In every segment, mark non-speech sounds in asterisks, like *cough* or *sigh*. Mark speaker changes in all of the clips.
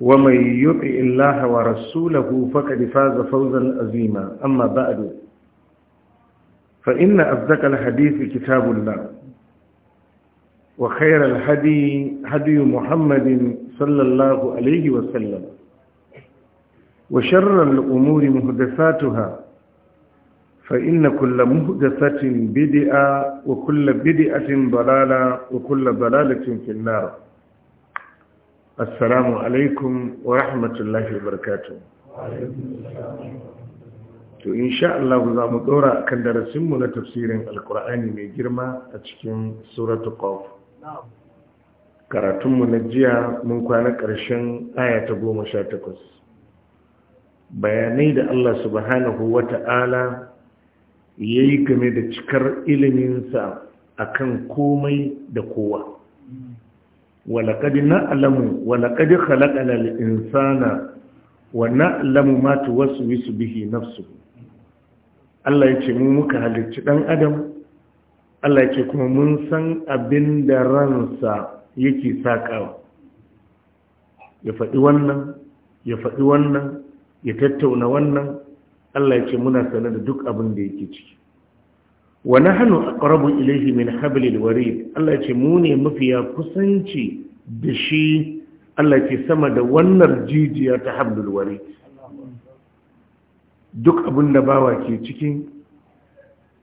Speaker 1: ومن يطع الله ورسوله فقد فاز فوزا عظيما أما بعد فإن أصدق الحديث كتاب الله وخير الهدي هدي محمد صلى الله عليه وسلم وشر الأمور مهدفاتها فإن كل مهدفة بدعه وكل بدئة ضلالة وكل ضلالة في النار assalamu alaikum wa rahmatullahi barkatu to insha Allah za mu dora kan darasinmu na tafsirin alkur'ani mai girma a cikin suratu qaf karatunmu na jiya mun kwana ƙarshen aya ta goma sha takwas bayanai da Allah subhanahu wa ta'ala ya yi game da cikar iliminsa akan komai da kowa na alamu ولقد نعلم ولقد خلقنا الإنسان ونعلم ما توسوس به نفسه Allah ya ce mu muka halicci ɗan adam Allah ya ce kuma mun san abin da ransa yake saƙawa ya faɗi wannan ya faɗi wannan ya tattauna wannan Allah ya ce muna sanar da duk abin da yake ciki wa nahnu aqrabu ilayhi min hablil warid Allah ce mu ne mafiya kusanci da shi Allah ce sama da wannan jijiya ta hablul warid duk abin da bawa ke cikin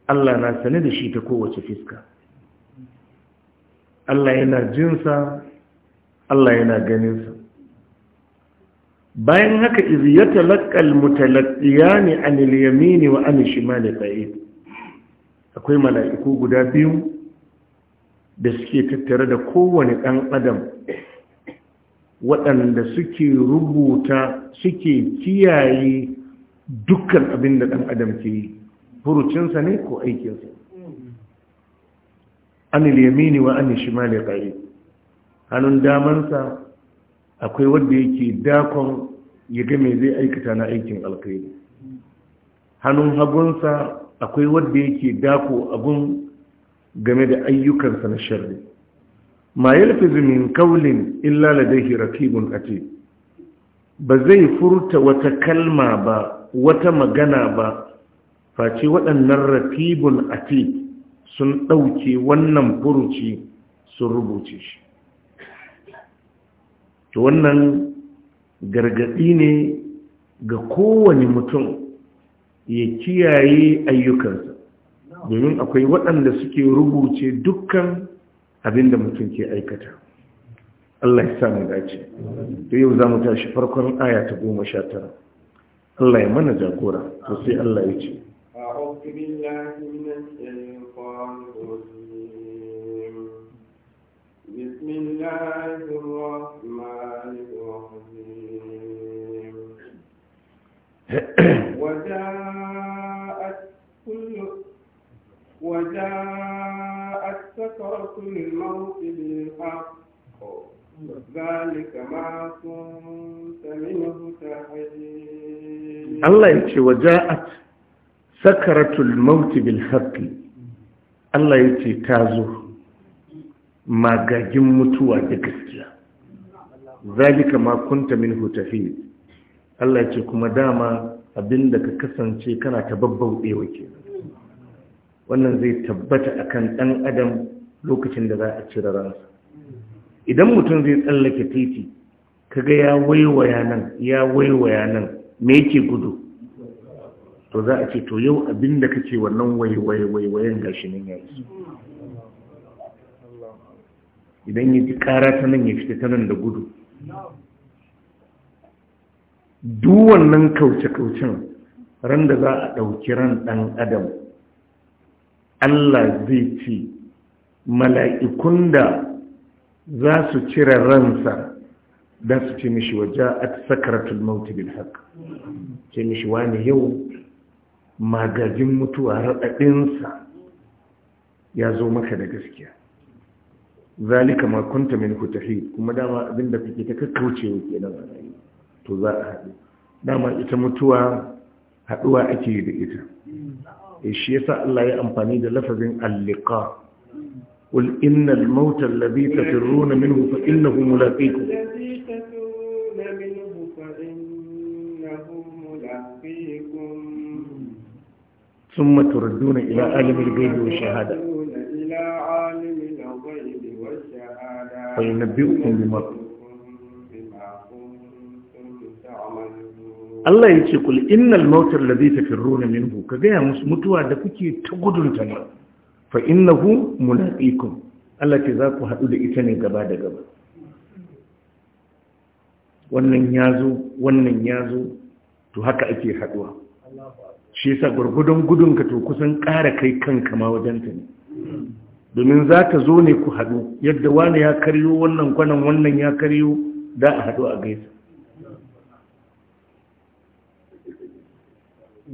Speaker 1: Allah na sane da shi ta kowace fiska Allah yana jinsa Allah yana ganinsa bayan haka iz yatalaqqa al-mutalaqiyani an al-yamini wa an al-shimali qa'id akwai mala'iku guda biyu da suke tattare da kowane ɗan adam waɗanda suke rubuta suke kiyaye dukkan abin da ɗan adam ke yi furucinsa ne ko aikinsa anil yamini wa anil shimali ƙari hannun damansa akwai wanda yake dakon ya ga mai zai aikata na aikin alkhairi hannun hagunsa akwai wanda yake dako abun game da ayyukansa na sharri ma yalfizu min qawlin illa ladayhi raqibun ati, ba zai furta wata kalma ba wata magana ba face waɗannan raqibun ati sun ɗauke wannan furuci sun rubuce shi to wannan gargaɗi ne ga kowane mutum ya kiyaye ayyukansa domin akwai waɗanda suke rubuce dukkan abinda mutum ke aikata Allah ya samu dace to yau za mu tashi farkon aya ta goma sha tara Allah ya mana jagora to sai Allah ya ce
Speaker 2: بسم الله الرحمن وجاءت كل وجاءت سكرة الموت بالحق ذلك ما كنت منه تحيد الله يقول
Speaker 1: وجاءت سكرة الموت بالحق الله يقول تازو ما mutuwa متوى ذلك ما كنت منه minhu Allah ce kuma dama abinda ka kasance kana ta babbauɗewa ke wannan zai tabbata a kan ɗan adam lokacin da za a cire ransa idan mutum zai tsallake titi kaga ya waiwaya nan ya waiwaya nan me yake gudu to za a ce to yau abinda kace wannan waiwayen gashi nan ya isu idan ya ji kara ta nan ya fita ta nan da gudu duk wannan kauce-kaucen ran da za a ɗauki ran ɗan adam Allah zai ce mala'ikun da za su cire ransa da su ce mishi waje a sakaratul mauti bil ce mishi wani yau magajin mutuwa raɗaɗinsa ya zo maka da gaskiya zalika ma kunta min hutahi kuma dama abinda kake ta kakkaucewa kenan a to za a haɗu dama ita mutuwa haɗuwa ake yi da ita eh, shi sa Allah ya amfani da lafazin alliqa qul innal mauta alladhi tafirruna minhu fa innahu mulaqikum ثم تردون إلى عالم الغيب والشهادة
Speaker 2: وينبئكم بما
Speaker 1: Allah ya ce kul innal mautar ladhi tafirruna minhu ka gaya musu mutuwa da kuke ta gudunta ne fa innahu mulaqikum Allah ke za ku haɗu da ita ne gaba da gaba wannan ya wannan ya to haka ake haɗuwa shi yasa gurgudun gudunka to kusan ƙara kai kanka ma wajen ta ne domin za ta zo ne ku hadu yadda wani ya karyo wannan kwanan wannan ya karyo da a haɗu a gaisa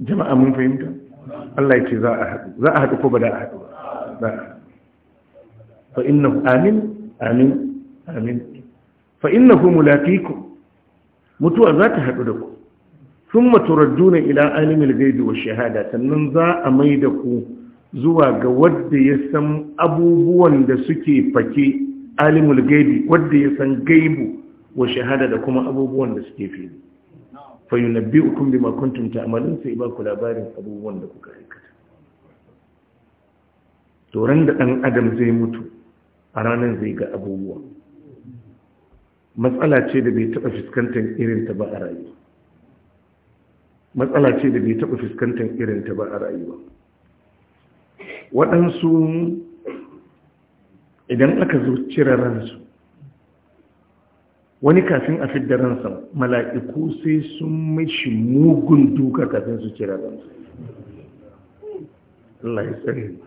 Speaker 1: jama'a mun fahimta Allah ya ce za a haɗu za a haɗu ko ba da a haɗu ba fa innahu amin amin amin fa inna innahu mulaqiku mutuwa za ta haɗu da ku thumma turadduna ila alimil ghaibi wash shahada sannan za a mai da ku zuwa ga wanda ya san abubuwan da suke fake alimul gaibi wanda ya san gaibu wa shahada da kuma abubuwan da suke fili fayunabbi'ukum bima kuntum ta'malun sai ba ku labarin abubuwan da kuka aikata to ran da dan adam zai mutu a ranar zai ga abubuwa matsala ce da bai taba fuskantar irin ta ba a rayuwa matsala ce da bai taba fuskantar irin ta ba a rayuwa waɗansu idan aka zo cire ransu wani kafin a fi daransa mala'iku sai sun mashi mugun duka kafin su kira ransa Allah ya tsari.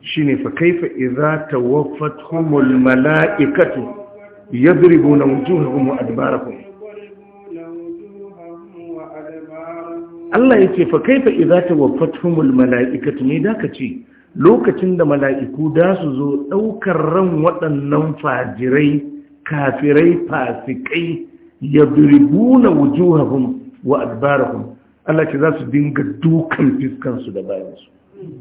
Speaker 1: shi ne fa kaifa idza tawaffatuhumul mala'ikatu Ya yadribuna wujuhahum wa adbarahum Allah ya ce fa kaifa idza tawaffatuhumul mala'ikatu ne da ce lokacin da mala'iku da su zo ɗaukar ran waɗannan fajirai kafirai fasikai yadribuna wujuhahum wa adbarahum Allah ce za su dinga dukan fiskansu su da bayansu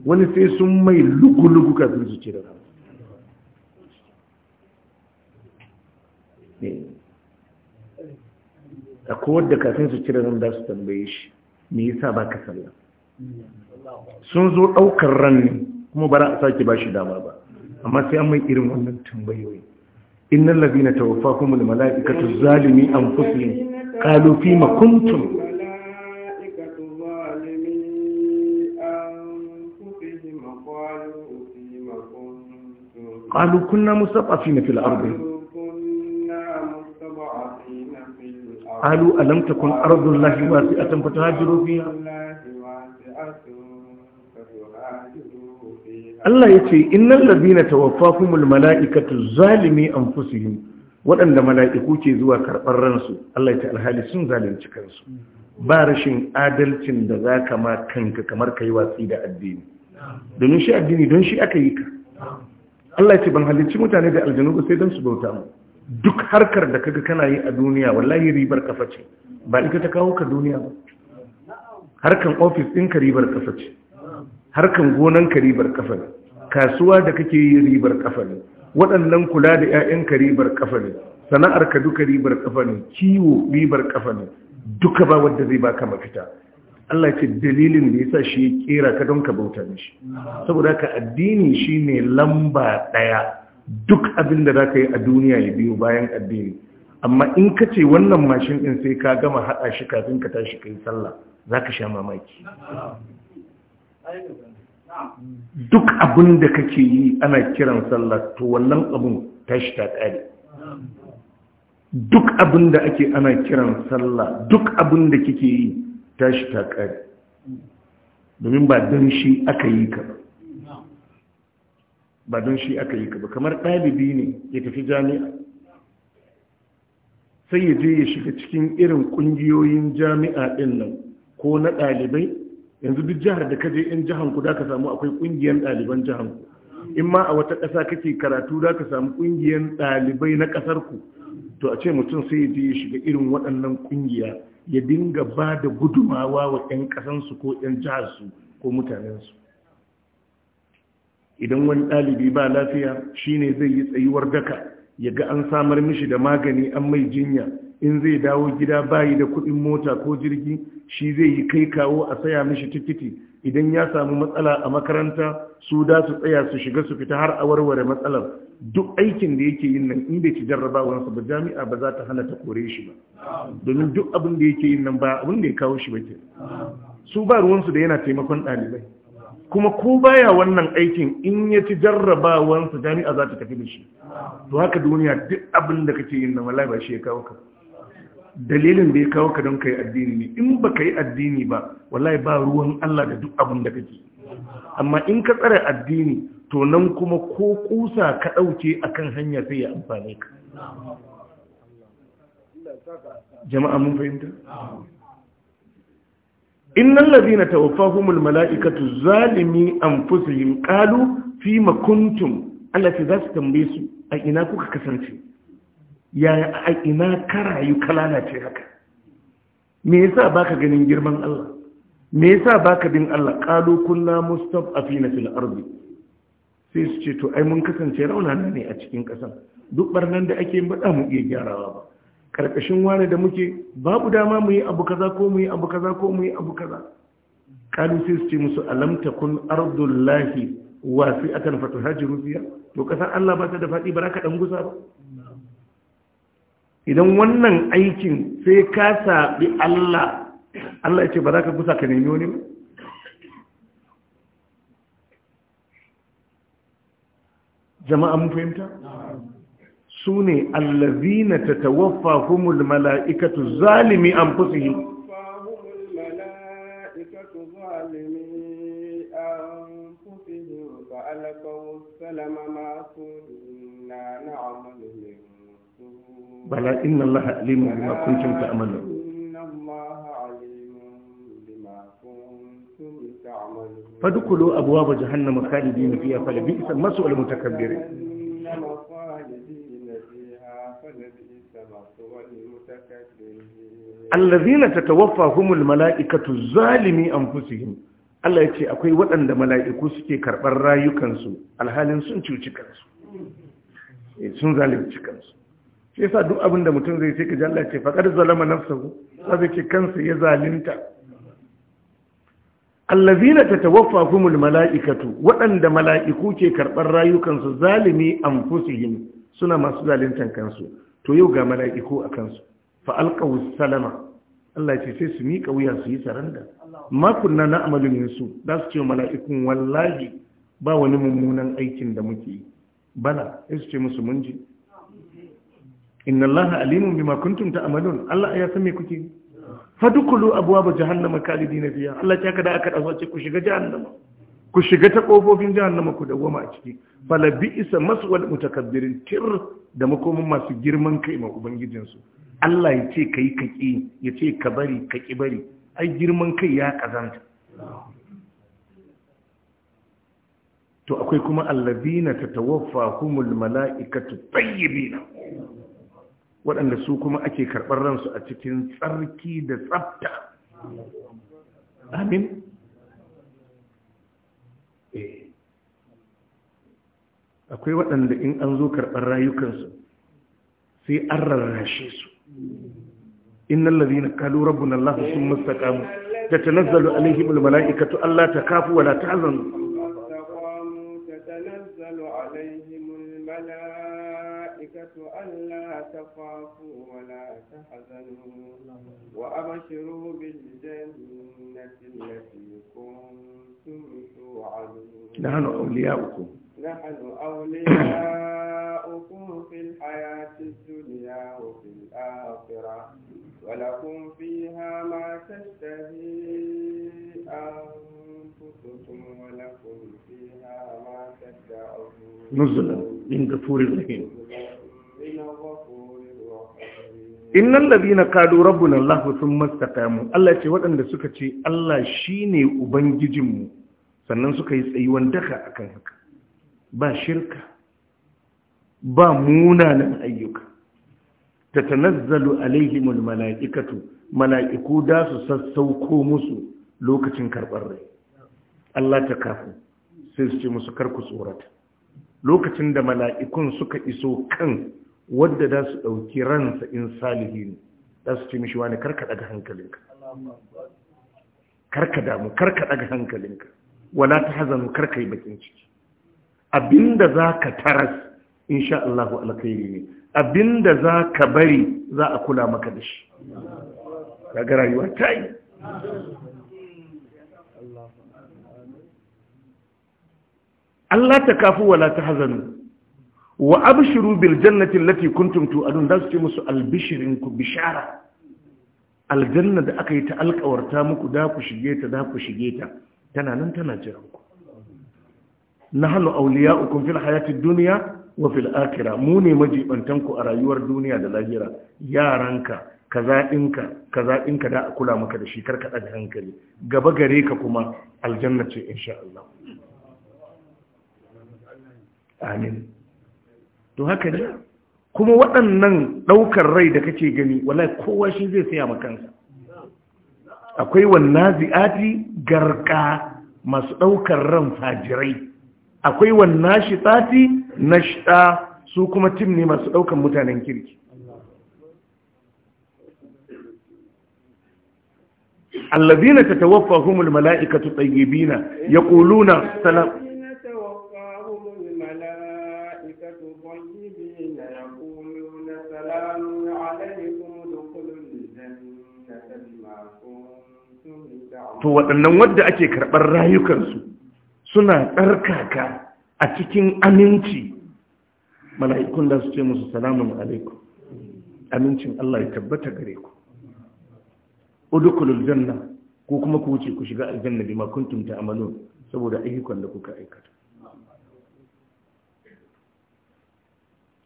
Speaker 1: wani sai sun mai lugu-lugu kafin su ce da kansu eh. a da kafin su cire ran da su tambaye shi me yasa ba ka sallah sun zo ɗaukar ranni. kuma ba za a sake ba shi dama ba amma sai an mai irin wannan tambayoyi إن الذين توفاهم الملائكة الظالمين أنفسهم قالوا فيما كنتم قالوا كنا مستضعفين في الأرض قالوا ألم تكن أرض الله واسعة فتهاجروا فيها Allah ya ce innal ladina tawaffakumul mala'ikatu zalimi anfusihim waɗanda mala'iku ke zuwa karɓar ransu Allah ya ce alhali sun zalunci kansu ba rashin adalcin da za ka ma kanka kamar ka yi watsi da addini domin shi addini don shi aka yi ka Allah ya ce ban halicci mutane da aljanu ba sai don su bauta mu duk harkar da kaga kana yi a duniya wallahi ribar kafa ba ita ta kawo ka duniya ba harkan ofis ɗinka ribar kafa ce harkan gonan ka ribar kafa ne kasuwa da kake yi ribar kafa ne waɗannan kula da 'ya'yanka ribar kafa ne sana'ar ka duka ribar kafa ne kiwo ribar kafa ne duka ba wanda zai baka mafita Allah ce dalilin da yasa shi ya kera ka don ka bauta mishi saboda ka addini shine lamba daya duk abin da zaka yi a duniya ya biyo bayan addini amma in ka ce wannan mashin ɗin sai ka gama haɗa shi kafin ka tashi kai sallah zaka sha mamaki duk abin da kake yi ana kiran sallah to wannan abin tashi ta kare duk abin da ake ana kiran sallah duk abin da kike yi tashi ta kare domin ba don shi aka yi ka ba ba don shi aka yi ka ba kamar ɗalibi ne ya tafi jami'a sai ya je ya shiga cikin irin ƙungiyoyin jami'a ɗin nan ko na ɗalibai yanzu duk jihar da kaje in jihar ku da ka samu akwai ƙungiyar ɗaliban jihar ku in ma a wata ƙasa kake karatu da ka samu ƙungiyar ɗalibai na ƙasar ku to a ce mutum sai ya je ya shiga irin waɗannan ƙungiya ya dinga ba da gudumawa wa 'yan ƙasansu ko 'yan su ko mutanensu idan wani ɗalibi ba lafiya shine zai yi tsayuwar daka ya ga an samar mishi da magani an mai jinya in zai dawo gida bayi da kuɗin mota ko jirgi shi zai yi kai kawo a saya mishi tikiti idan ya samu matsala a makaranta su da su tsaya su shiga su fita har a warware matsalar duk aikin da yake yin nan in bai ci jarrabawansa ba jami'a ba za ta hana ta kore shi ba domin duk abin da yake yin nan ba abin da ya kawo shi ba ke su ba ruwansu da yana taimakon ɗalibai kuma ko baya wannan aikin in ya ci jarrabawansa jami'a za ta tafi da shi to haka duniya duk abin da kake yin nan wallahi ba shi ya kawo ka dalilin da ya kawo ka don ka yi addini ne in ba ka yi addini ba wallahi ba ruwan Allah da duk abin da ka kake amma in ka tsare addini to nan kuma ko kusa ka ɗauke a kan hanya sai ya amfane ka jama'a mun fahimta innan lazina tawaffahumul mala'ikatu zalimi anfusihim qalu fima kuntum Allah ce za su tambaye su a ina kuka kasance ya a ina ka rayu ka lalace haka me yasa baka ganin girman Allah me yasa baka bin Allah qalu kunna mustaf'afina fil ardi sai su ce to ai mun kasance raunana ne a cikin kasan? duk barnan da ake bada mu iya gyarawa ba karkashin wani da muke babu dama mu yi abu kaza ko mu yi abu kaza ko mu yi abu kaza kalu sai su ce musu alam takun ardullahi wasi'atan fatuhajiru fiha to kasar Allah ba ta da fadi baraka dan gusa ba idan wannan aikin sai ka saɓi Allah Allah ya ce ba za ka gusa ka nemi wani ba jama'a mun fahimta su ne allazina humul mala'ikatu zalimi an anfusihim
Speaker 2: فألقوا السلم ما كنا نعمل bala inna allaha alimun bima kuntum ta'malun fadkhulu abwaaba jahannama khalidina fiha falbi'sa masu al-mutakabbirin
Speaker 1: allazina tatawaffahumul mala'ikatu zalimi anfusihim Allah yace akwai waɗanda mala'iku suke karɓar rayukansu alhalin sun cuci kansu eh, sun zalunci kansu shi yasa duk abin da mutum zai ce ka ji Allah ce faqad zalama nafsuhu sai ce kansa ya zalunta allazina tatawaffahumul mala'ikatu waɗanda mala'iku ke karɓar rayukansu zalimi anfusihim suna masu zaluntar kansu to yau ga mala'iku a kansu fa alqaw salama Allah ce sai su mika wuya su yi saranda ma kunna na'malu min su da su ce mala'ikun wallahi ba wani mummunan aikin da muke yi bala sai su ce musu mun ji inna allaha alimun bima kuntum ta'malun Allah ya san me kuke fadkhulu abwaaba jahannama khalidina fiha Allah ya kada aka dawo ce ku shiga jahannama ku shiga ta kofofin jahannama ku dawwama a ciki fala bi'sa maswal mutakabbirin tir da makomin masu girman kai ma ubangijinsu. Allah ya ce kai ka ya ce ka bari ka kibari bari ai girman kai ya kazanta to akwai kuma allazina tatawaffahumul mala'ikatu tayyibina waɗanda su kuma ake karɓar ransu a cikin tsarki da tsafta amin eh. akwai waɗanda in an zo karɓar rayukansu sai an rarrashe su innan lalina kalu na Allah sun mastakamu da ta nazzalu alaihim mala'ikatu Allah ta kafu wala ta azanu
Speaker 2: تخافوا ولا تحزنوا وأبشروا بالجنة التي كنتم توعدون نحن أولياؤكم نحن أولياؤكم في الحياة الدنيا وفي الآخرة ولكم فيها ما تشتهي أنفسكم ولكم فيها ما تدعون نزلا
Speaker 1: من غفور رحيم innal ladina qalu rabbuna allah thumma istaqamu allah ce waɗanda suka ce allah shine ubangijinmu sannan suka yi tsayuwan daka akan haka ba shirka ba munanan ayyuka tatanazzalu alaihimul mala'ikatu mala'iku da su sassauko musu lokacin karɓar rai Allah ta kafu sai su ce musu karku tsorata lokacin da mala'ikun suka iso kan wadda za su ɗauki ransa in salihi ne za su ce mishi wani karka daga hankalinka karka damu karka daga hankalinka wala ta hazanu karka yi bakin ciki abinda za ka taras insha Allahu alkhairi ne abinda za ka bari za a kula maka da shi ga rayuwa ta yi Allah ta kafu wala ta hazanu wa abshiru bil jannati allati kuntum tu'adun da su ce musu albishirin ku bishara aljanna da aka yi ta alkawarta muku da ku shige ta da ku shige ta tana nan tana jiran ku nahnu awliya'ukum fil hayati dunya wa fil akhirah mu ne majibantan ku a rayuwar duniya da lahira yaranka kaza dinka kaza dinka da kula maka da shi karka daga hankali gaba gare ka kuma aljanna ce insha Allah amin to haka ne kuma waɗannan ɗaukar rai da kake gani wallahi kowa shi zai saya ma kansa akwai wannan zi'ati garka masu ɗaukar ran fajirai akwai wannan tsati na su kuma tim ne masu ɗaukar mutanen kirki allazina tatawaffahumul mala'ikatu tayyibina yaquluna salam
Speaker 2: to waɗannan wadda ake
Speaker 1: karɓar rayukansu suna ɗarkaka a cikin aminci mala'ikun da su ce musu salamun alaikum amincin Allah ya tabbata gare ku udukulul janna ko kuma ku wuce ku shiga aljanna bima kuntum ta'malun saboda ayyukan da kuka aikata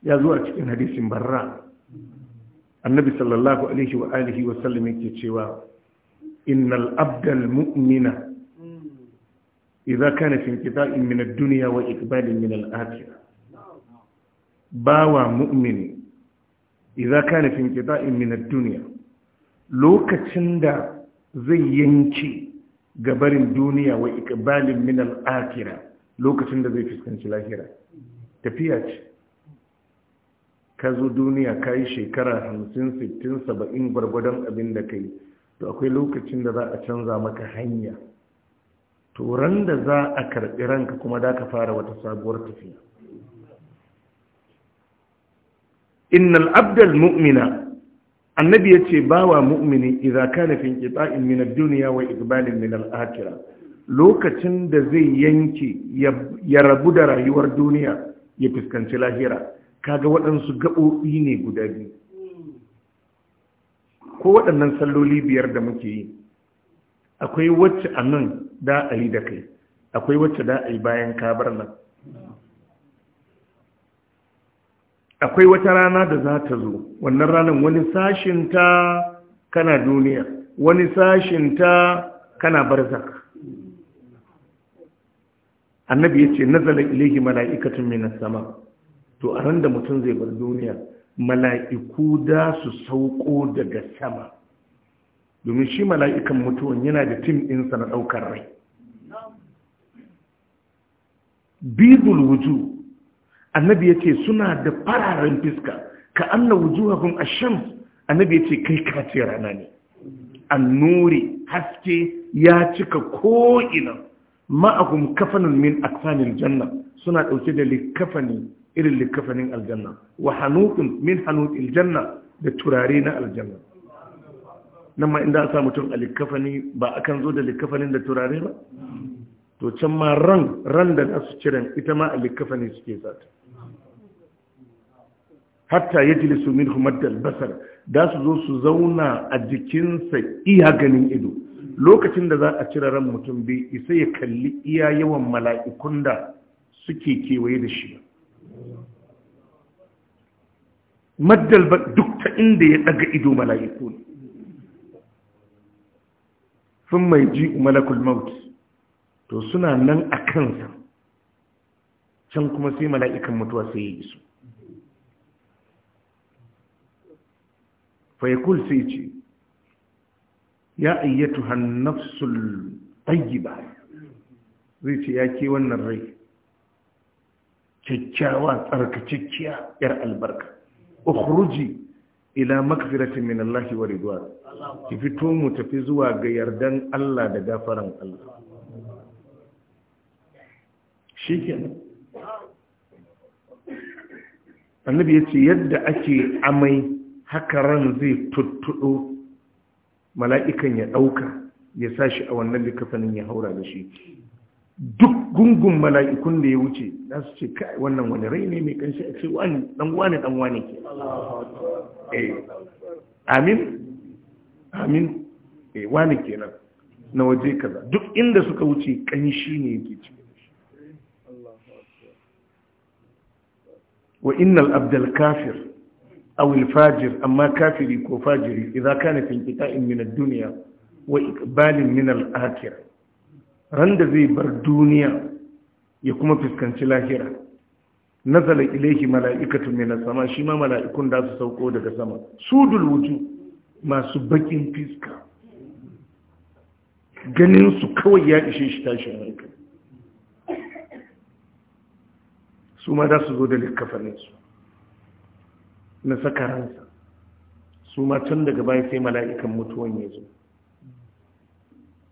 Speaker 1: ya zuwa cikin hadisin barra annabi sallallahu alaihi wa alihi wa sallam yake cewa إن الأبد المؤمن hmm. إذا كان في انقطاع من الدنيا وإقبال من الآخرة باوى مؤمن إذا كان في انقطاع من الدنيا لو كتندا zai yanke gabarin duniya wa ikabalin min al'akira lokacin da zai fuskanci lahira tafiya ce ka zo duniya ka yi shekara 50 60 70 gwargwadon abin da ka yi to akwai lokacin da za a canza maka hanya turan da za a karɓi ranka kuma da ka fara wata sabuwar tafiya innal abdal mu'mina annabi yace ce bawa mu'mini idza kana fi inqita'in min ad-dunya wa iqbalin min al-akhirah lokacin da zai yanke ya rabu da rayuwar duniya ya fuskanci lahira kaga waɗansu gaɓoɓi ne guda biyu ko waɗannan salloli biyar da muke yi akwai wacce a nan da a yi da kai akwai wacce da a yi bayan kabar nan akwai wata rana da za ta zo wannan ranar wani sashinta kana duniya wani sashinta kana barzak annabi ya ce nazala ilaihi mala'ikatun minas sama to a ran da mutum zai bar duniya mala'iku da su sauko daga sama domin shi mala'ikan mutuwan yana da tim ɗinsa na ɗaukar rai Bibul wuju annabi ya ce suna da fararen fiska ka anna a asham annabi ya ce kai kace rana ne annuri haske ya cika ko'ina ma'akum kafanin min aksanil janna suna ɗauke da likafani irin likafanin aljanna wa hanutun min hanut aljanna da turare na aljanna nan ma inda sa mutum a likafani ba akan zo da likafanin da turare ba to can ma ran ran da nasu ciren ita ma a likafani suke sata hatta ya jili su min humaddal basar da su zo su zauna a jikinsa iya ganin ido lokacin da za a cire ran mutum biyu, isa ya kalli iya yawan mala'ikun da suke kewaye da shi ba maddal ba duk ta inda ya daga ido mala'iku ne sun mai ji malakul maut to suna nan a kansa can kuma sai mala'ikan mutuwa sai ya isu fayakul sai ce ya ayyatu hannafsul ɗayi ba zai ce ya ke wannan rai kyakkyawa tsarkakekkiya yar albarka ukhruji ila makfirati min Allah wa ridwan ki fito mu tafi zuwa ga yardan Allah da gafaran Allah shikenan annabi ce yadda ake amai haka ran zai tuttudo mala'ikan ya dauka ya sashi a wannan likafanin ya haura da shi duk gungun mala'ikun da ya wuce za su ce kai wannan wani rai ne mai kanshi a ce wani dan wani dan wani ke eh, amin amin eh wani kenan na waje kaza duk inda suka wuce kanshi ne yake ci wa innal abdal kafir aw al fajir amma kafiri ko fajiri idan kana fi kita'in min ad-dunya wa iqbalin min al-akhirah ran da zai bar duniya ya kuma fuskanci lahira nazala ilaihi mala'ikatu min sama shi ma mala'ikun da su sauko daga sama sudul wuju masu bakin fiska ganin su kawai ya ishe shi tashin hankali su ma da su zo da likafaninsu na saka ransa su ma can daga bayan sai mala'ikan mutuwan ya zo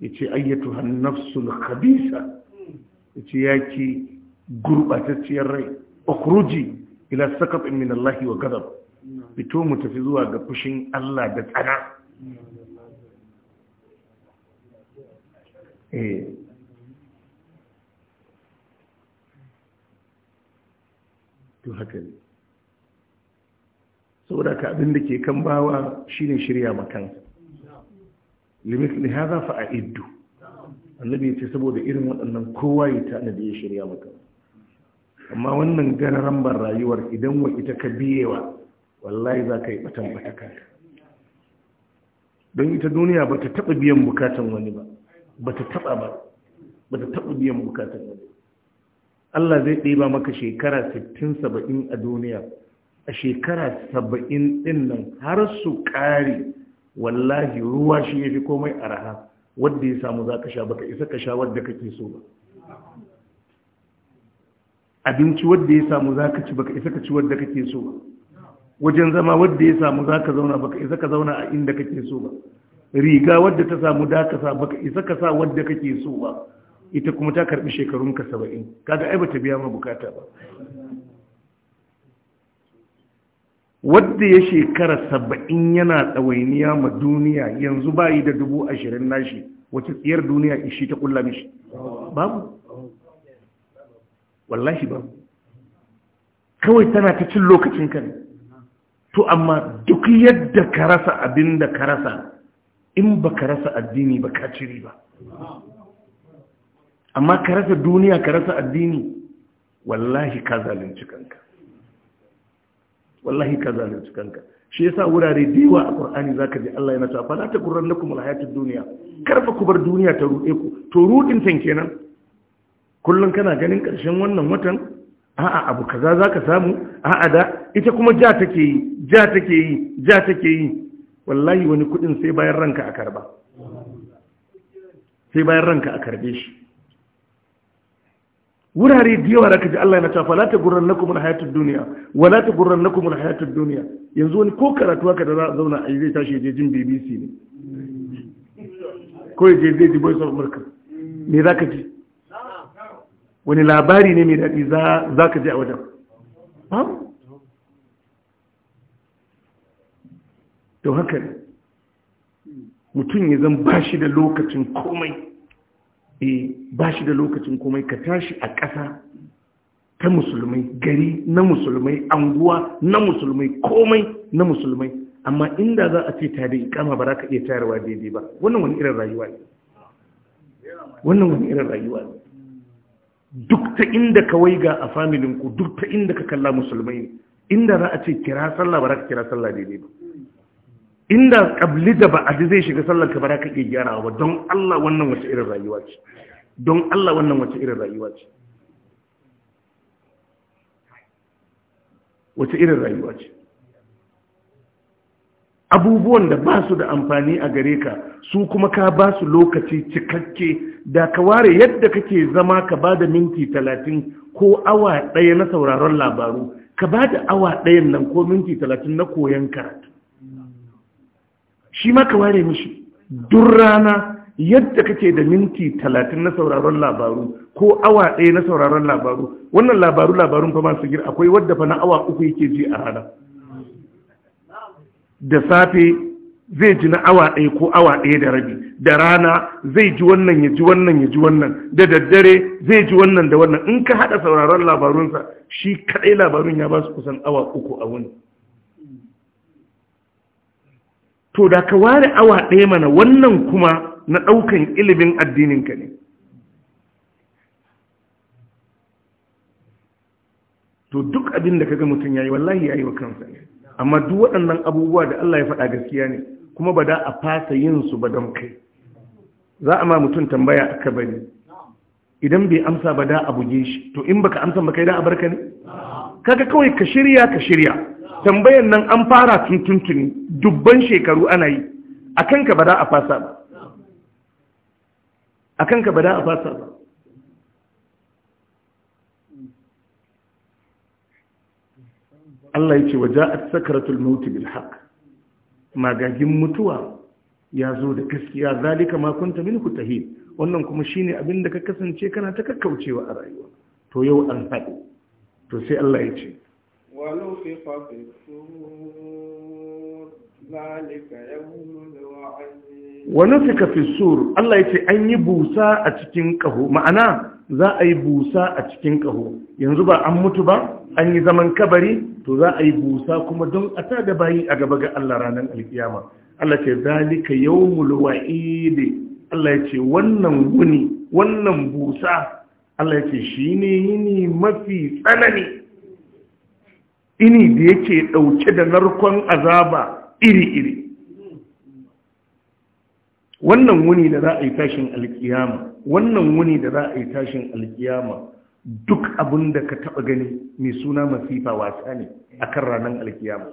Speaker 1: Yace ce ayyatu hannafsul khabisa ya ce ya ke gurbatacciyar rai okuruji ila sakafin min Allah wa gadab fito mu tafi zuwa ga fushin Allah da tsana eh. to haka saboda ka abin da ke kan bawa shine shirya makansa limithli hadha a Iddu, annabi ce saboda irin waɗannan kowa ya tanadi ya shirya maka amma wannan gana rambar rayuwar idan wa ita ka biyewa wallahi za ka yi batan bata kanka don ita duniya ba ta taɓa biyan bukatan wani ba ba ta taɓa ba ba ta taɓa biyan bukatan wani Allah zai ɗeba maka shekara 60-70 a duniya a shekara 70 ɗin nan har su ƙari wallahi ruwa shi ya fi komai araha wadda ya samu za ka sha baka isa ka sha wadda kake so ba abinci wadda ya samu za ka ci baka isa ka ci wadda kake so ba wajen zama wadda ya samu za ka zauna baka isa ka zauna a inda kake so ba riga wadda ta samu da ka sa baka isa ka sa wadda kake so ba ita kuma ta karbi shekarun ka saba'in kaga ai bata biya ma bukata ba wadda ya shekara saba'in yana tsawainiya ma duniya yanzu bayi da dubu ashirin nashi wace tsiyar duniya ishi ta kulla mishi babu wallahi babu kawai tana ta cin lokacin ka ne to amma duk yadda ka rasa abin da ka rasa in ba ka rasa addini ba ka ciri ba amma ka rasa duniya ka rasa addini wallahi ka zalunci kanka wallahi ka zalunci kanka shi yasa wurare da yawa a Qur'ani zaka ji Allah yana cewa fala taqurran lakum alhayatud dunya karfa ku bar duniya ta rude ku to rudin san kenan kullun kana ganin karshen wannan watan a'a abu kaza zaka samu a'a da ita kuma ja take yi ja take yi ja take yi wallahi wani kudin sai bayan ranka a karba sai bayan ranka a karbe shi wurare da yawa da kaji Allah yana cewa la ta gurran nakum hayatud dunya wa la ta gurran nakum hayatud dunya yanzu wani ko karatu haka da za a zauna a yi zai tashi je jin BBC ne ko je zai ji Voice of America me za ka ji wani labari ne mai daɗi za ka ji a wajen to haka ne mutum ya zan bashi da lokacin komai e ba shi da lokacin komai ka tashi a ƙasa ta musulmai gari na musulmai anguwa na musulmai komai na musulmai amma inda za a ce ta da ikama ba za ka iya tayarwa daidai ba wannan wani irin rayuwa ne wannan wani irin rayuwa ne duk ta inda ka wai ga a familinku duk ta inda ka kalla musulmai ne inda za a ce kira sallah ba za ka kira sallah daidai ba inda kabli da ba'adi zai shiga sallar ka bara ka gyara gyarawa ba don Allah wannan wace irin rayuwa ce don Allah wannan wace irin rayuwa ce wace irin rayuwa ce abubuwan da ba su da amfani a gare ka su kuma ka ba su lokaci cikakke da ka ware yadda kake zama ka ba da minti talatin ko awa ɗaya na sauraron labaru ka ba da awa ɗayan nan ko minti talatin na koyon karatu shi ma ka ware mishi duk rana yadda kake da minti talatin na sauraron labaru ko awa ɗaya na sauraron labaru wannan labaru labarun fa masu gir akwai wadda fa na awa uku yake ji a rana da safe zai ji na awa ɗaya ko awa ɗaya da rabi da rana zai ji wannan ya ji wannan ya ji wannan da daddare zai ji wannan da wannan in ka haɗa sauraron labarunsa shi kaɗai labarun ya ba su kusan awa uku a wuni to da ka ware awa ɗaya mana wannan kuma na ɗaukan ilimin addininka ne to duk abin da kaga mutum yayi wallahi yayi wa kansa ne amma duk waɗannan abubuwa da Allah ya faɗa gaskiya ne kuma ba da a fasa yin su ba don kai za a ma mutum tambaya a kabari idan bai amsa ba da a buge shi to in baka amsa ba kai da a barka ne kaga kawai ka shirya ka shirya tambayan nan an fara tuntuntuni dubban shekaru ana yi a kanka ba za a fasa ba a kanka ba da a fasa ba Allah ya ce wa a sakaratul maut bil haqq magagin mutuwa ya zo da gaskiya zalika ma kunta ku tahid wannan kuma shine abin da ka kasance kana ta kakkaucewa a rayuwa to yau an faɗi. to sai Allah ya ce
Speaker 2: ونفخ في الصور ذلك يوم الوعيد
Speaker 1: ونفخ في الصور الله يتي أن يبوسا أتكين كهو معنا za a yi busa a cikin ƙaho yanzu ba an mutu ba an yi zaman kabari to za a yi busa kuma don a tada bayi a gaba ga Allah ranar alkiyama Allah ce zalika yawmul wa'id Allah ya ce wannan guni, wannan busa Allah ya ce shine yini mafi tsanani ini da yake ɗauke da narkon azaba iri-iri wannan wuni da za a yi tashin alkiyama wannan wuni da za a yi tashin alkiyama duk abin da ka taɓa gani mai suna masifa wasa ne a kan ranar alkiyama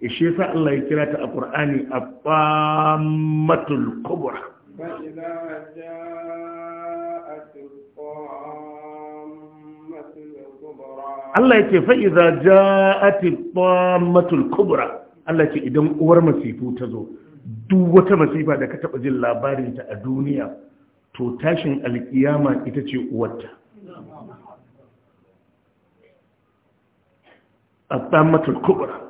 Speaker 1: ishe sa Allah ya kira ta a ƙur'ani a ɓamatul kubura Allah ya ce fa'iza ja'ati ɓamatul kubra Allah ke idan uwar masifu ta zo duk wata masifa da ka taɓa jin labarinta a duniya to tashin alƙiyama ita ce uwarta a ɓamatul kubra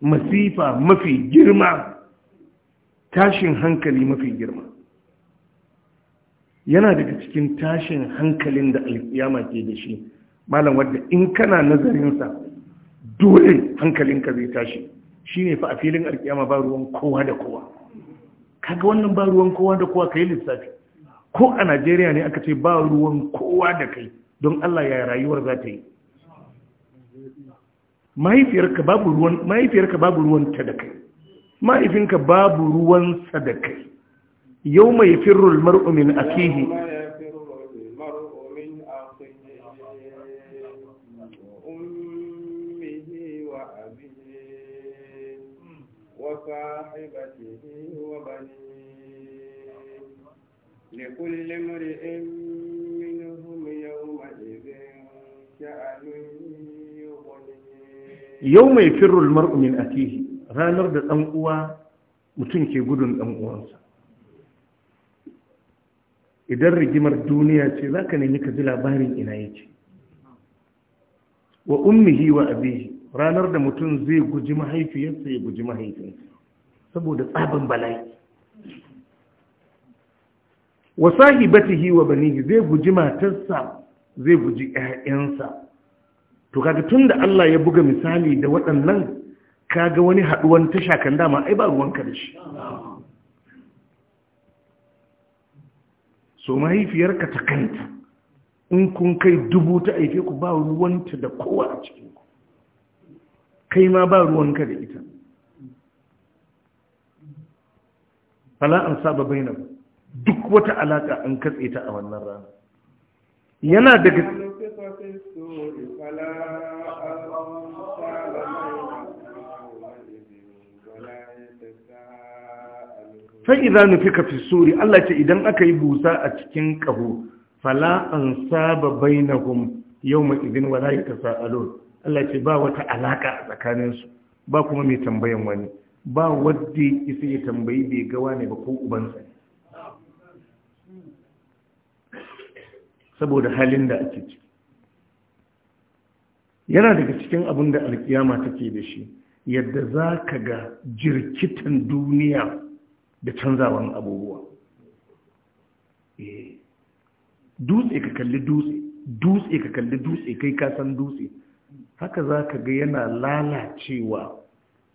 Speaker 1: masifa mafi girma tashin hankali mafi girma yana daga cikin tashin hankalin da alƙiyama ke da shi malam wanda in kana nazarinsa dole hankalinka zai tashi shine fa a filin alkiyama ba ruwan kowa da kowa kaga wannan ba ruwan kowa da kowa kai lissafi ko a najeriya ne aka ce ba ruwan kowa da kai don allah ya rayuwar za ta yi mahaifiyarka babu ruwan ta da kai mahaifinka babu ruwan sa da kai yau mai firrul mar'umin min akihi
Speaker 2: Yau mai لكل امرئ منهم يومئذ شأن
Speaker 1: ranar da ɗan uwa mutum ke gudun ɗan uwansa idan rigimar duniya ce za ka nemi ka ji labarin ina ya ce. wa ummihi wa abihi ranar da mutum zai guji mahaifiyarsa ya guji mahaifinsa saboda tsabin bala'i wa sahibatihi wa banihi zai guji matarsa zai guji 'ya'yansa. to kaga da Allah ya buga misali da waɗannan kaga wani haɗuwan tasha kan dama ai ba ruwanka da shi so mahaifiyarka ta kanta in kun kai dubu ta aike ku ba ruwanta da kowa a cikinku kai ma ba ruwanka da ita fala an saba bainahum duk wata alaka an katse ta a wannan rana yana daga nufi ka fi suri Allah ce idan aka yi busa a cikin ƙaho fala an saba bainahum yau mai izin wa za yi Allah ce ba wata alaƙa a tsakaninsu ba kuma mai tambayan wani ba wadda isa ya tambayi bai gawa ne ba ko ubansa saboda halin da ake ciki yana daga cikin abin da alkiyama take da shi yadda za ka ga jirkitan duniya da canzawan abubuwa eh, dutse ka kalli dutse dutse ka kalli dutse kai kasan dutse haka za ka ga yana lalacewa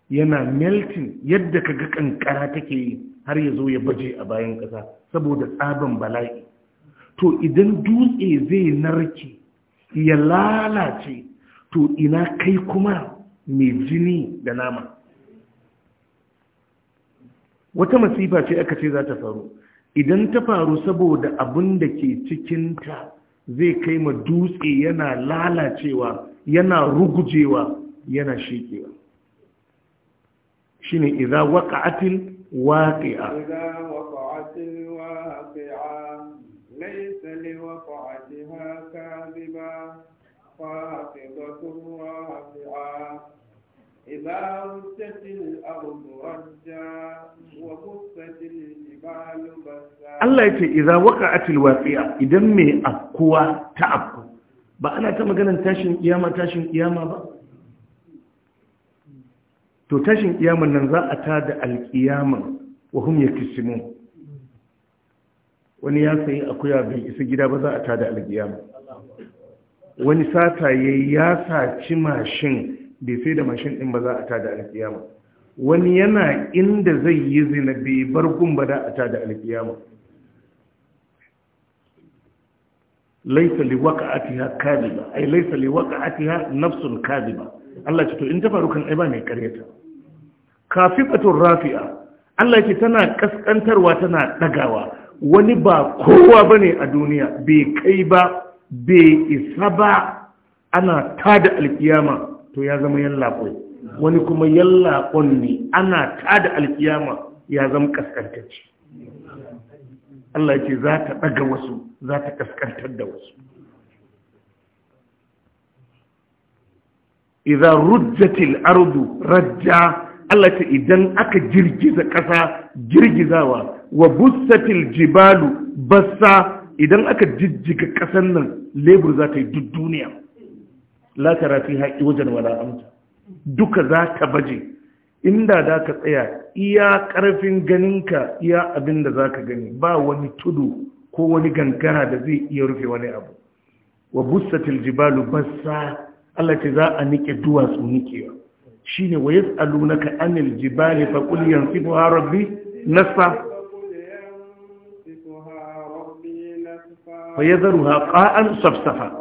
Speaker 1: yana melting yadda kaga ƙanƙara kankara take yi har ya zo ya baje a bayan ƙasa saboda tsaban bala'i to idan dutse zai narke ya lalace to ina kai kuma mai jini da nama wata masifa ce aka ce za ta faru idan ta faru saboda abin da ke cikinta zai kai ma dutse yana lalacewa yana rugujewa yana shekewa shine idza waqa'atil waqi'a
Speaker 2: idza waqa'atil waqi'a laysa liwaqa'atiha kadhiba faqidatun rafi'a إذا رجت الأرض رجا وبست الجبال بسا الله يتي إذا وقعت
Speaker 1: idan me afkuwa ta تعب ba ana ta maganar tashin kiyama tashin kiyama ba to tashin kiyamun nan za a ta da alkiyaman wahum ya kisimu wani ya sayi akuya bai isa gida ba za a ta da alkiyamun wani sata ya ya saci mashin bai sai da mashin din ba za a ta da alkiyamun wani yana inda zai yi zina bai bar gumba da a ta da alkiyaman laisa liwaka atiha kadiba ai waka liwaka ha nafsun ba Allah ce to in ta faru kan ai ba mai karyata kafifatun rafi'a Allah ce tana kaskantarwa tana dagawa wani ba kowa bane a duniya bai kai ba bai isa ba ana tada alkiyama to ya zama yallaɓoi wani kuma yallaɓon ne ana tada alkiyama ya zama kaskantacci Allah ce za ta daga wasu za ta kaskantar da wasu idza rujjatil ardu rajja Allah ta idan aka girgiza ƙasa girgizawa wa bussatil jibalu bassa idan aka jijjiga ƙasan nan lebur za ta yi duk duniya la tara fi haƙi wajen wala amta duka za ta baje inda za ka tsaya iya ƙarfin ganinka iya abin da za ka gani ba wani tudu ko wani gangara da zai iya rufe wani abu wa bussatil jibalu bassa Allah ce za a nike duwatsu nikewa shi ne wa yas'alunaka anil jibali fa yansi yansifuha rabbi nasfa fa yadharuha qa'an safsafa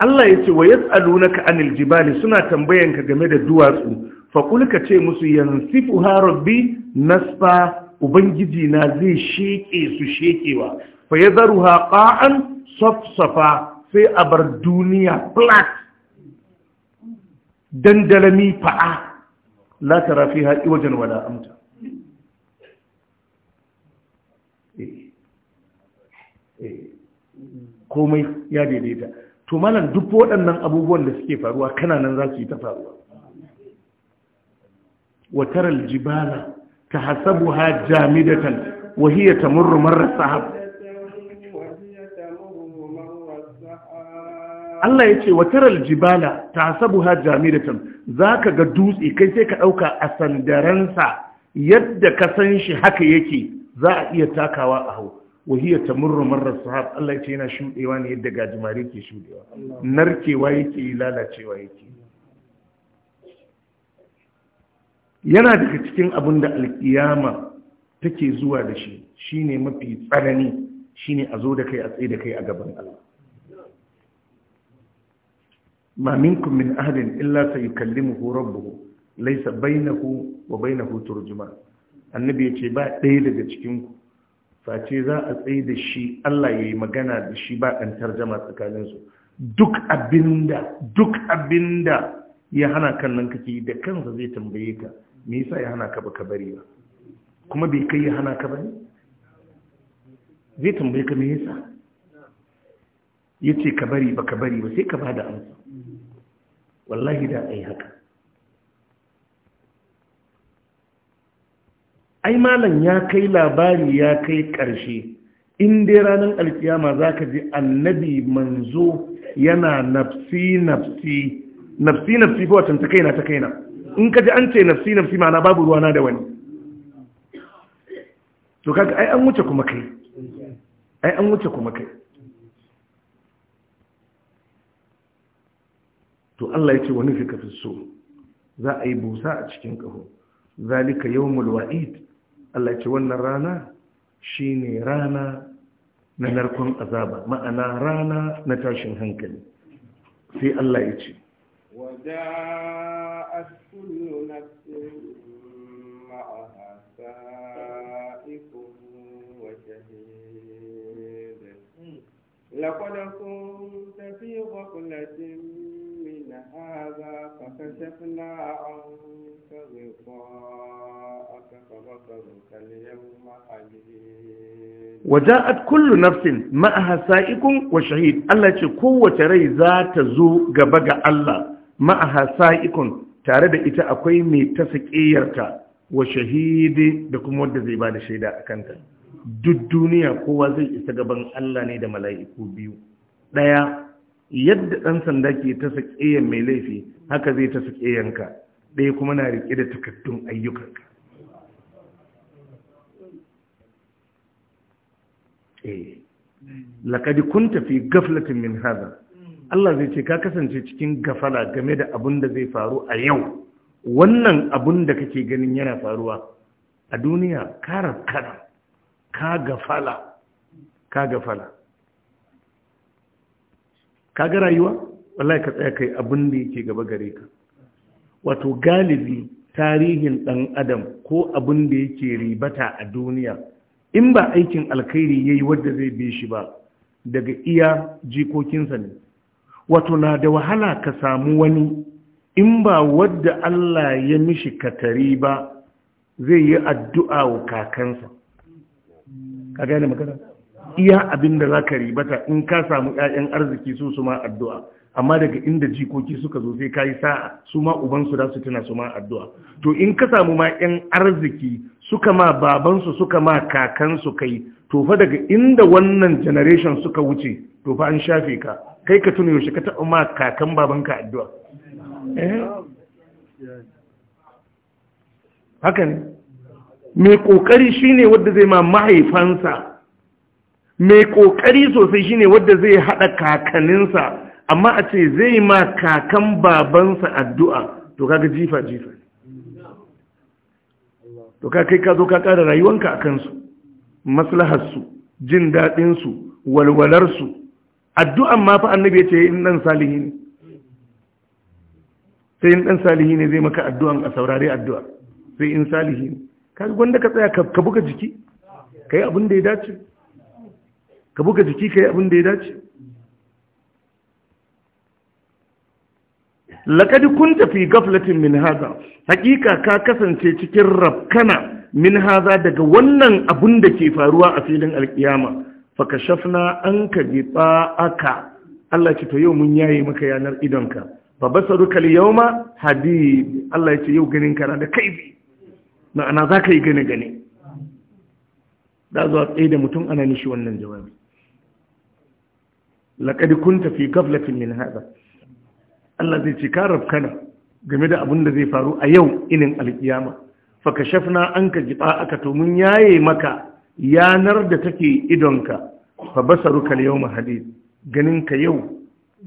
Speaker 1: Allah ya ce wa yas'alunaka anil jibali suna tambayanka game da duwatsu fa qul ka ce musu yansi yansifuha rabbi nasfa ubangiji na zai sheke su shekewa fa ya zaru qa'an safsafa sai a bar duniya flat dandalami fa'a la tara fiha iwajan wala amta eh, eh. komai ya daidaita to malam duk waɗannan abubuwan da suke faruwa kananan za su yi ta faruwa wataral jibala تحسبها جامدة وهي تمر مر السحاب Allah ya ce, Wataral jibala ta sabu ha jamiratan za ka ga dutse kai sai ka ɗauka a sandaransa yadda ka san shi haka yake za a iya takawa a hau. Wahiyar ta murrumar rasuhar Allah ya ce yana shuɗewa ne yadda gajimare ke shuɗewa, narkewa yake lalacewa yake. yana daga cikin abin da alkiyama take zuwa da shi shine mafi tsanani shine a zo da kai a tsaye da kai a gaban Allah ma minkum min ahadin illa sayukallimuhu rabbuhu laysa bainahu wa bainahu turjuma annabi yace ba ɗaya daga cikin ku face za a tsaye da shi Allah yayi magana da shi ba dan tarjuma tsakaninsu. su duk abinda duk abinda ya hana kan nan kake da kansa zai tambaye ka me yasa ya hana ka baka bari ba kuma bai kai ya hana ka ne? zai tambaye ka me yasa yace ka bari baka bari ba sai ka bada amsa wallahi da ai haka ai malam ya kai labari ya kai karshe in dai ranar alkiyama za ka ji annabi manzo yana nafsi nafsi nafsi nafsi ba watan ta kaina ta kaina in ka ji an ce nafsi nafsi mana babu ruwana da wani to kaga ai an wuce kuma kai ai an wuce kuma kai to Allah ya ce wani fi kafin so za a yi busa a cikin ƙaho zalika yau mulwa'id Allah ya ce wannan rana shi ne rana na narkon azaba ma'ana rana na tashin hankali sai Allah ya ce
Speaker 2: وجاءت كل نفس معها سائق وشهيد لقد كنت في غفلة من هذا فكشفنا عنك غطاءك فبصرك اليوم
Speaker 1: حديد وجاءت كل نفس معها سائق وشهيد الله يقول قوة ري ذات زو غبغ الله معها سائق tare da ita akwai mai ta saƙiyarta wa shahidi da kuma wadda zai ba da shaida a kanta duk duniya kowa zai isa gaban Allah ne da mala'iku biyu ɗaya yadda ɗan sanda ke ta saƙiyar mai laifi haka zai ta saƙiyanka ɗaya kuma na riƙe da takardun ayyukanka eh. laƙadi kun tafi gaflatin min haza Allah zai ce ka kasance cikin gafala game da abin da zai faru a yau wannan abin da kake ganin yana faruwa a duniya kara kana ka gafala ka gafala ka ga rayuwa wallahi ka tsaya kai abin da yake gaba gare ka wato galibi tarihin ɗan adam ko abin da yake ribata a duniya in ba aikin alkhairi yayi wanda zai bi shi ba daga iya jikokinsa ne wato na da wahala ka samu wani in ba wadda Allah ya mishi katari ba zai yi addu'a wa kakansa ka gane magana iya abin da za ka ribata in ka samu ‘ya'yan arziki su su ma addu'a amma daga inda jikoki suka zo sai ka yi sa'a su ma ubansu da su tuna su ma addu'a to in ka samu ma ‘yan arziki suka ma babansu suka ma kakansu kai to fa daga inda wannan generation suka wuce to fa an shafe ka kai ka tuni yaushe ka taɓa ma kakan babanka addu'a eh? haka ne mai ƙoƙari shi ne wadda zai ma mahaifansa mai ƙoƙari sosai shi ne wadda zai haɗa kakaninsa amma a ce zai ma kakan babansa addu'a to kaga jifa-jifa to ka kai ka zo ka ƙara rayuwanka a kansu maslaharsu jin daɗinsu walwalarsu addu'an ma fa annabi ya ce in dan salihi ne sai in dan salihi ne zai maka addu'an a saurare addu'a sai in salihi ne kaga wanda ka tsaya ka buga jiki kai abin da ya dace ka buga jiki kai abin da ya dace laqad kunta fi gaflatin min hadha hakika ka kasance cikin rafkana min haza daga wannan abun da ke faruwa a filin alƙiyama. fakashafna an ka jiɓa aka Allah ce to yau mun yaye maka yanar idonka babasaruka yau ma, hadid Allah ya ce yau ganin kana da kaifi ma'ana za ka yi gane gane da zuwa tsaye da mutum ana nishi wannan jawabi laƙadi kun tafi gaflafin min haɗa Allah zai ce ka rafkana game da abin da zai faru a yau inin alƙiyama faka shafna an ka jiɓa aka to mun yaye maka yanar da take idonka fa basaru kal yawm hadid ganinka yau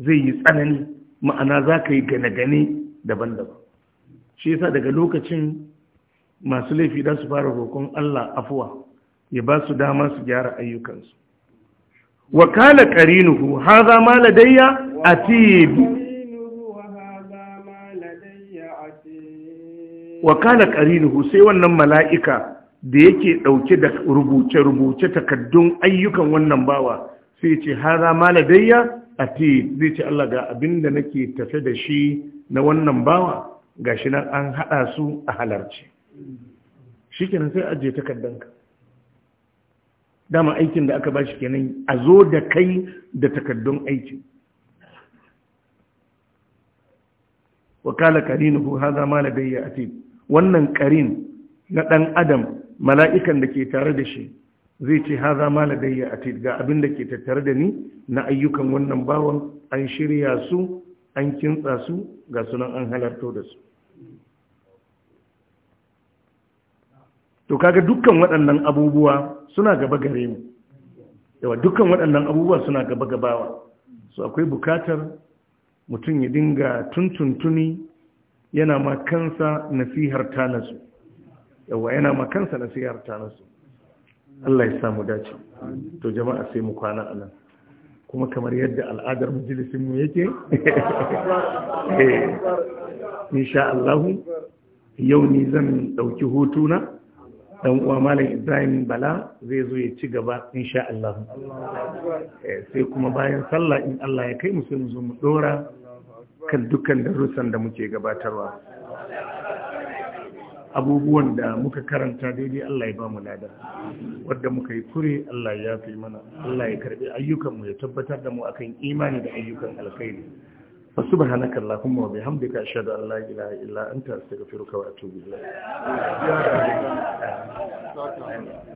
Speaker 1: zai yi tsanani ma'ana za ka yi gane-gane daban-daban shi yasa daga lokacin masu laifi da su fara roƙon Allah afuwa ya ba su dama su gyara ayyukansu wa kana qarinuhu hadha ma ladayya atib wa kana qarinuhu sai wannan mala'ika da yake ɗauke da rubuce-rubuce takaddun ayyukan wannan bawa sai ce hara maladayya a ti zai ce Allah ga abin da nake tafe da shi na wannan bawa ga shi nan an haɗa su a halarci shi kenan sai ajiye takaddanka dama aikin da aka ba shi kenan a zo da kai da takaddun aikin wakala karinuhu haza ma a ti wannan karin na ɗan adam mala'ikan da ke tare da shi zai ce haza ma ladayya a ga abin da ke tattare da ni na ayyukan wannan bawan an shirya su an kintsa su ga sunan an halarto da su to kaga dukkan waɗannan abubuwa suna gaba gare mu yawa dukkan waɗannan abubuwa suna gaba gabawa su akwai bukatar mutum ya dinga tuntuntuni yana ma kansa nasihar tanasu yawa yana makansa na siyar ta nasu Allah ya samu dace to jama'a sai mu kwana a nan kuma kamar yadda al'adar mu yake *laughs* eh, insha Allah yau ni zan ɗauki hutuna dan uwa malam Ibrahim Bala zai zo ya ci gaba insha Allah eh, sai kuma bayan sallah in Allah ya kai mu sai mu zo mu dora kan dukkan darussan da muke gabatarwa abubuwan da muka karanta daidai Allah ya ba mu lada wadda muka yi kure Allah ya fi mana Allah ya karbi ayyukanmu ya tabbatar da mu akan imani da ayyukan alkhairi fa subhanaka allahumma wa bihamdika ashhadu an la ilaha illa anta astaghfiruka wa atubu
Speaker 2: ilayk